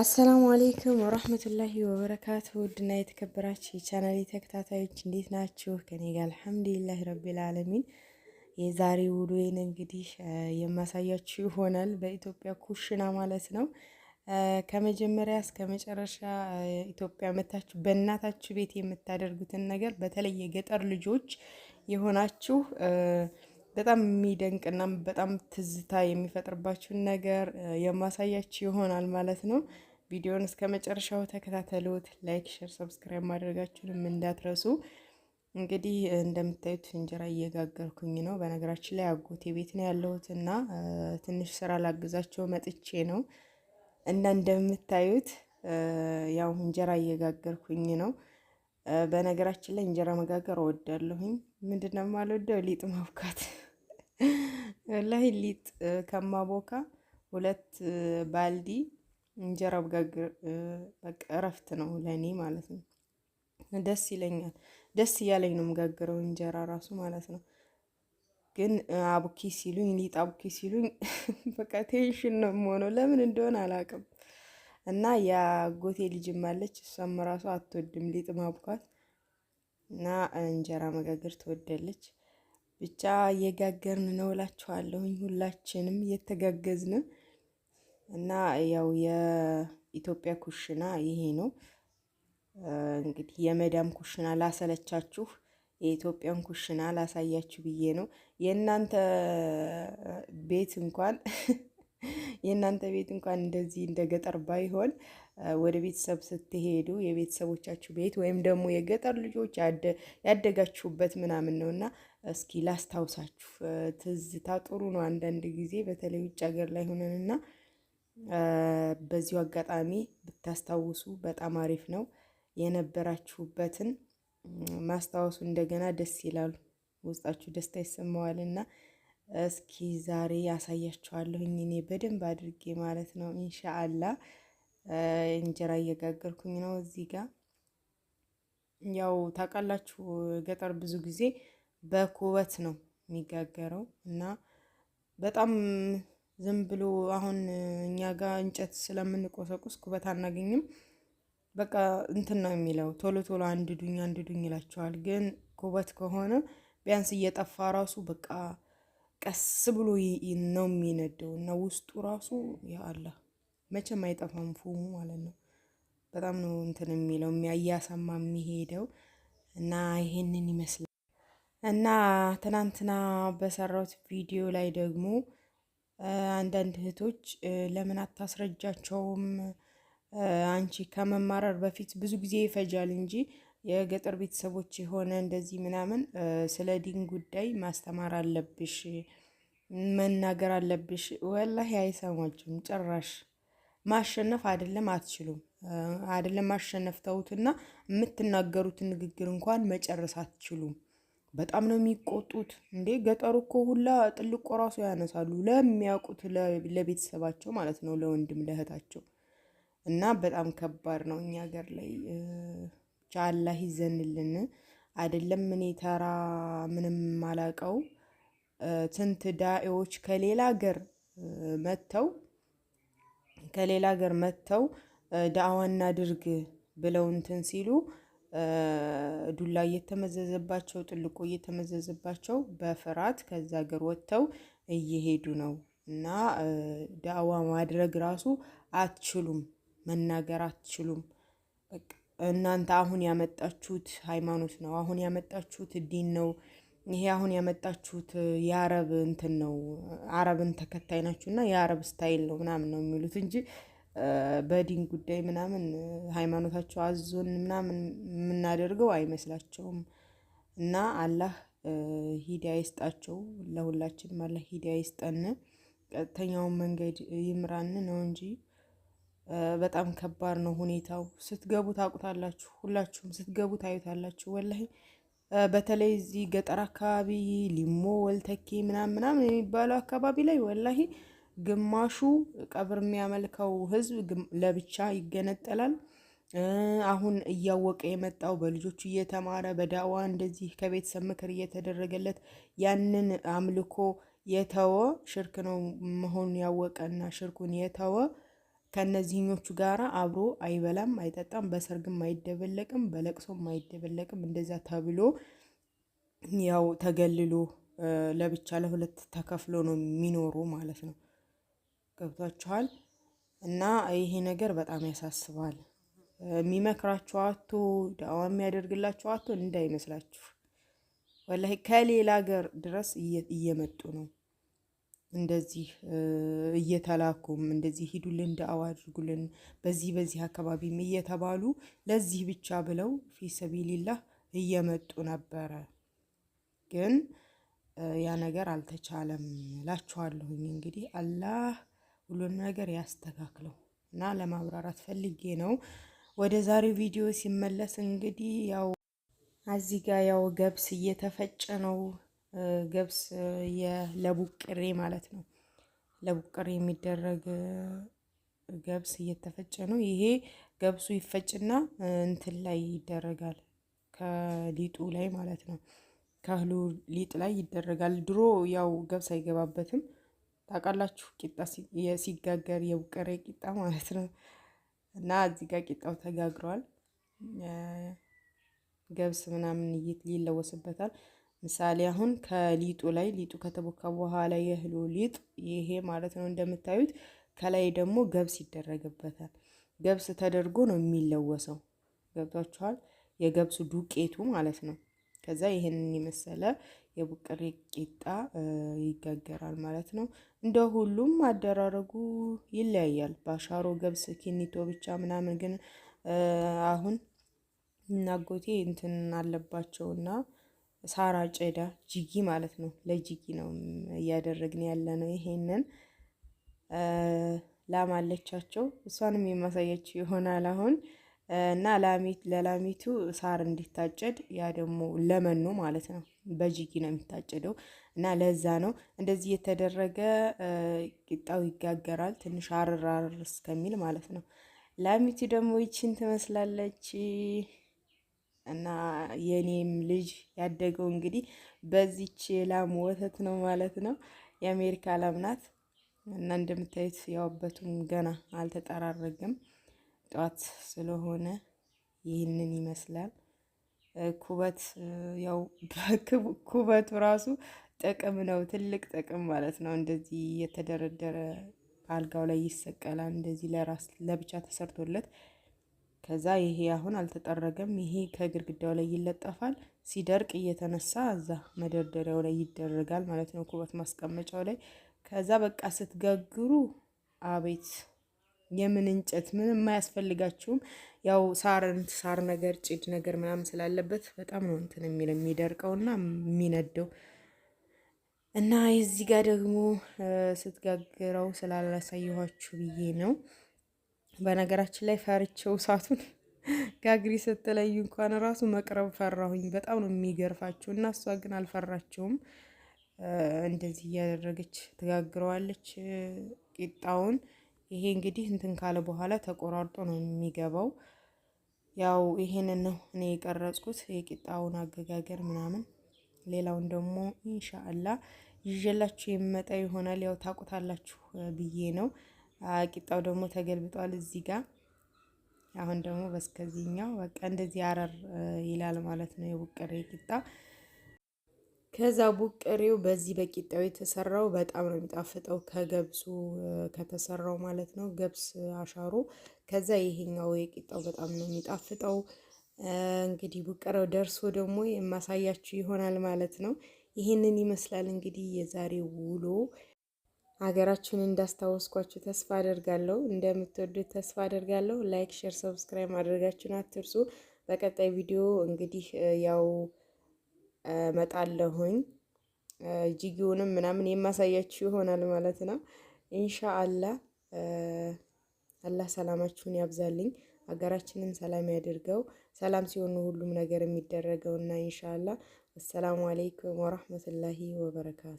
አሰላሙ አሌይኩም ወራህመቱላሂ ወበረካቱ ውድና የተከበራችሁ የቻናሌ ተከታታዮች እንዴት ናችሁ? ከኔ ጋር አልሐምዱሊላህ ረቢል አለሚን። የዛሬ ውሎዬን እንግዲህ የማሳያችሁ ይሆናል። በኢትዮጵያ ኩሽና ማለት ነው። ከመጀመሪያ እስከ መጨረሻ ኢትዮጵያ መታችሁ በእናታችሁ ቤት የምታደርጉትን ነገር በተለይ የገጠር ልጆች የሆናችሁ በጣም የሚደንቅና በጣም ትዝታ የሚፈጥርባችሁን ነገር የማሳያችሁ ይሆናል ማለት ነው። ቪዲዮን እስከ መጨረሻው ተከታተሉት። ላይክ፣ ሼር፣ ሰብስክራይብ ማድረጋችሁንም እንዳትረሱ። እንግዲህ እንደምታዩት እንጀራ እየጋገርኩኝ ነው። በነገራችን ላይ አጎቴ ቤት ነው ያለሁት እና ትንሽ ስራ ላግዛቸው መጥቼ ነው እና እንደምታዩት ያው እንጀራ እየጋገርኩኝ ነው። በነገራችን ላይ እንጀራ መጋገር እወዳለሁኝ። ምንድነው የማልወደው? ሊጥ ማብካት ወላሂ ሊጥ ከማቦካ ሁለት ባልዲ እንጀራ ብጋግር በቃ እረፍት ነው ለእኔ ማለት ነው። ደስ ይለኛል። ደስ እያለኝ ነው የምጋግረው እንጀራ ራሱ ማለት ነው። ግን አቡኪ ሲሉኝ ሊጥ አቡኪ ሲሉኝ በቃ ቴንሽን ነው የምሆነው ለምን እንደሆነ አላውቅም። እና የአጎቴ ልጅም አለች እሷም ራሷ አትወድም ሊጥ ማቡካት እና እንጀራ መጋገር ትወዳለች። ብቻ እየጋገርን ነው እላችኋለሁኝ። ሁላችንም እየተጋገዝን እና ያው የኢትዮጵያ ኩሽና ይሄ ነው እንግዲህ። የመዳም ኩሽና ላሰለቻችሁ የኢትዮጵያን ኩሽና ላሳያችሁ ብዬ ነው። የእናንተ ቤት እንኳን የእናንተ ቤት እንኳን እንደዚህ እንደ ገጠር ባይሆን ወደ ቤተሰብ ስትሄዱ የቤተሰቦቻችሁ ቤት ወይም ደግሞ የገጠር ልጆች ያደጋችሁበት ምናምን ነው እና እስኪ ላስታውሳችሁ። ትዝታ ጥሩ ነው አንዳንድ ጊዜ በተለይ ውጭ ሀገር ላይ ሆነን እና በዚሁ አጋጣሚ ብታስታውሱ በጣም አሪፍ ነው። የነበራችሁበትን ማስታወሱ እንደገና ደስ ይላሉ፣ ውስጣችሁ ደስታ ይሰማዋል እና እስኪ ዛሬ ያሳያችኋለሁኝ እኔ በደንብ አድርጌ ማለት ነው ኢንሻአላ እንጀራ እየጋገርኩኝ ነው እዚህ ጋር ያው ታውቃላችሁ ገጠር ብዙ ጊዜ በኩበት ነው የሚጋገረው እና በጣም ዝም ብሎ አሁን እኛ ጋር እንጨት ስለምንቆሰቁስ ኩበት አናገኝም። በቃ እንትን ነው የሚለው ቶሎ ቶሎ አንድ ዱኝ አንድ ዱኝ ይላቸዋል። ግን ኩበት ከሆነ ቢያንስ እየጠፋ ራሱ በቃ ቀስ ብሎ ነው የሚነደው እና ውስጡ ራሱ ያ መቼም አይጠፋም ፎሙ ማለት ነው። በጣም ነው እንትን የሚለው የሚያያሰማ የሚሄደው እና ይሄንን ይመስላል እና ትናንትና በሰራሁት ቪዲዮ ላይ ደግሞ አንዳንድ እህቶች ለምን አታስረጃቸውም? አንቺ ከመማረር በፊት ብዙ ጊዜ ይፈጃል እንጂ የገጠር ቤተሰቦች የሆነ እንደዚህ ምናምን ስለ ዲን ጉዳይ ማስተማር አለብሽ፣ መናገር አለብሽ። ወላሂ አይሰማችሁም ጭራሽ ማሸነፍ አይደለም አትችሉም አይደለም ማሸነፍ ተውትና የምትናገሩትን ንግግር እንኳን መጨረስ አትችሉም። በጣም ነው የሚቆጡት። እንዴ ገጠሩ እኮ ሁላ ጥልቆ ራሱ ያነሳሉ ለሚያውቁት ለቤተሰባቸው ማለት ነው፣ ለወንድም ለእህታቸው እና በጣም ከባድ ነው እኛ ሀገር ላይ ብቻ አላህ ይዘንልን። አይደለም እኔ ተራ ምንም ማላቀው ትንት ዳኤዎች ከሌላ ሀገር መጥተው ከሌላ ሀገር መጥተው ዳዕዋና ድርግ ብለው እንትን ሲሉ ዱላ እየተመዘዘባቸው ጥልቆ እየተመዘዘባቸው በፍርሃት ከዛ ሀገር ወጥተው እየሄዱ ነው እና ዳዕዋ ማድረግ ራሱ አትችሉም፣ መናገር አትችሉም። እናንተ አሁን ያመጣችሁት ሃይማኖት ነው፣ አሁን ያመጣችሁት ዲን ነው ይሄ አሁን ያመጣችሁት የአረብ እንትን ነው፣ አረብን ተከታይ ናችሁ እና የአረብ ስታይል ነው ምናምን ነው የሚሉት እንጂ በዲን ጉዳይ ምናምን ሃይማኖታቸው አዞን ምናምን የምናደርገው አይመስላቸውም። እና አላህ ሂዳያ ይስጣቸው፣ ለሁላችንም አላህ ሂዳያ ይስጠን፣ ቀጥተኛውን መንገድ ይምራን ነው እንጂ በጣም ከባድ ነው ሁኔታው። ስትገቡ ታውቁታላችሁ፣ ሁላችሁም ስትገቡ ታዩታላችሁ ወላሂ በተለይ እዚህ ገጠር አካባቢ ሊሞ ወልተኬ ምናምን ምናምን የሚባለው አካባቢ ላይ ወላሂ ግማሹ ቀብር የሚያመልከው ህዝብ ለብቻ ይገነጠላል። አሁን እያወቀ የመጣው በልጆቹ እየተማረ በዳዋ እንደዚህ ከቤተሰብ ምክር እየተደረገለት ያንን አምልኮ የተወ ሽርክ ነው መሆኑን ያወቀ እና ሽርኩን የተወ ከእነዚህኞቹ ጋር አብሮ አይበላም፣ አይጠጣም፣ በሰርግም አይደበለቅም፣ በለቅሶም አይደበለቅም። እንደዛ ተብሎ ያው ተገልሎ ለብቻ ለሁለት ተከፍሎ ነው የሚኖሩ ማለት ነው። ገብቷችኋል? እና ይሄ ነገር በጣም ያሳስባል። የሚመክራችሁ አቶ ዳዋ የሚያደርግላችሁ አቶ እንዳይመስላችሁ፣ ወላሂ ከሌላ ሀገር ድረስ እየመጡ ነው። እንደዚህ እየተላኩም እንደዚህ ሂዱልን ዳዕዋ አድርጉልን በዚህ በዚህ አካባቢም እየተባሉ ለዚህ ብቻ ብለው ፊ ሰቢልላህ እየመጡ ነበረ። ግን ያ ነገር አልተቻለም እላችኋለሁኝ። እንግዲህ አላህ ሁሉን ነገር ያስተካክለው እና ለማብራራት ፈልጌ ነው ወደ ዛሬው ቪዲዮ ሲመለስ እንግዲህ ያው እዚህ ጋ ያው ገብስ እየተፈጨ ነው። ገብስ ለቡቅሬ ማለት ነው። ለቡቅሬ የሚደረግ ገብስ እየተፈጨ ነው። ይሄ ገብሱ ይፈጭና እንትን ላይ ይደረጋል፣ ከሊጡ ላይ ማለት ነው። ከእህሉ ሊጥ ላይ ይደረጋል። ድሮ ያው ገብስ አይገባበትም ታውቃላችሁ፣ ቂጣ ሲጋገር የቡቅሬ ቂጣ ማለት ነው። እና እዚህ ጋር ቂጣው ተጋግሯል። ገብስ ምናምን ይለወስበታል። ምሳሌ አሁን ከሊጡ ላይ ሊጡ ከተቦካ በኋላ የእህሉ ሊጥ ይሄ ማለት ነው። እንደምታዩት ከላይ ደግሞ ገብስ ይደረግበታል። ገብስ ተደርጎ ነው የሚለወሰው። ገብቷችኋል? የገብሱ ዱቄቱ ማለት ነው። ከዛ ይህንን የመሰለ የቡቅሬ ቂጣ ይጋገራል ማለት ነው። እንደ ሁሉም አደራረጉ ይለያያል። በአሻሮ ገብስ ኪኒቶ ብቻ ምናምን ግን አሁን እናጎቴ እንትን አለባቸውና ሳር አጨዳ ጅጊ ማለት ነው። ለጅጊ ነው እያደረግን ያለ ነው። ይሄንን ላም አለቻቸው እሷንም የማሳያቸው ይሆናል አሁን እና ለላሚቱ ሳር እንዲታጨድ ያ ደግሞ ለመኖ ማለት ነው። በጅጊ ነው የሚታጨደው እና ለዛ ነው እንደዚህ የተደረገ ቂጣው ይጋገራል። ትንሽ አርራር እስከሚል ማለት ነው። ላሚቱ ደግሞ ይችን ትመስላለች። እና የኔም ልጅ ያደገው እንግዲህ በዚች የላም ወተት ነው ማለት ነው። የአሜሪካ ላም ናት እና እንደምታዩት ያውበቱም ገና አልተጠራረገም። ጠዋት ስለሆነ ይህንን ይመስላል። ኩበት ያው ኩበቱ ራሱ ጥቅም ነው፣ ትልቅ ጥቅም ማለት ነው። እንደዚህ የተደረደረ አልጋው ላይ ይሰቀላል። እንደዚህ ለራስ ለብቻ ተሰርቶለት ከዛ ይሄ አሁን አልተጠረገም። ይሄ ከግድግዳው ላይ ይለጠፋል። ሲደርቅ እየተነሳ እዛ መደርደሪያው ላይ ይደረጋል ማለት ነው፣ ኩበት ማስቀመጫው ላይ። ከዛ በቃ ስትጋግሩ አቤት የምን እንጨት ምንም አያስፈልጋችሁም። ያው ሳርን ሳር ነገር ጭድ ነገር ምናምን ስላለበት በጣም ነው እንትን የሚል የሚደርቀውና የሚነደው እና የዚህ ጋር ደግሞ ስትጋግረው ስላላሳየኋችሁ ብዬ ነው። በነገራችን ላይ ፈርቼው እሳቱን ጋግሪ ስትለዩ እንኳን ራሱ መቅረብ ፈራሁኝ። በጣም ነው የሚገርፋችሁ። እና እሷ ግን አልፈራችውም። እንደዚህ እያደረገች ትጋግረዋለች ቂጣውን። ይሄ እንግዲህ እንትን ካለ በኋላ ተቆራርጦ ነው የሚገባው። ያው ይሄንን ነው እኔ የቀረጽኩት የቂጣውን አገጋገር ምናምን። ሌላውን ደግሞ ኢንሻአላ ይዤላችሁ የመጣ ይሆናል። ያው ታቁታላችሁ ብዬ ነው። ቂጣው ደግሞ ተገልብጧል እዚህ ጋር። አሁን ደግሞ በስከዚህኛው በቃ እንደዚህ አረር ይላል ማለት ነው የቡቅሬ ቂጣ። ከዛ ቡቅሬው በዚህ በቂጣው የተሰራው በጣም ነው የሚጣፍጠው ከገብሱ ከተሰራው ማለት ነው ገብስ አሻሮ። ከዛ ይሄኛው የቂጣው በጣም ነው የሚጣፍጠው። እንግዲህ ቡቀሬው ደርሶ ደግሞ የማሳያችሁ ይሆናል ማለት ነው። ይሄንን ይመስላል እንግዲህ የዛሬ ውሎ። ሀገራችሁን እንዳስታወስኳችሁ ተስፋ አደርጋለሁ። እንደምትወዱት ተስፋ አደርጋለሁ። ላይክ፣ ሼር፣ ሰብስክራይብ ማድረጋችሁን አትርሱ። በቀጣይ ቪዲዮ እንግዲህ ያው መጣለሁኝ ጅጊውንም ምናምን የማሳያችሁ ይሆናል ማለት ነው። ኢንሻአላህ አላህ ሰላማችሁን ያብዛልኝ፣ ሀገራችንን ሰላም ያድርገው። ሰላም ሲሆኑ ሁሉም ነገር የሚደረገውና ኢንሻአላህ። አሰላሙ አለይኩም ወራህመቱላሂ ወበረካቱ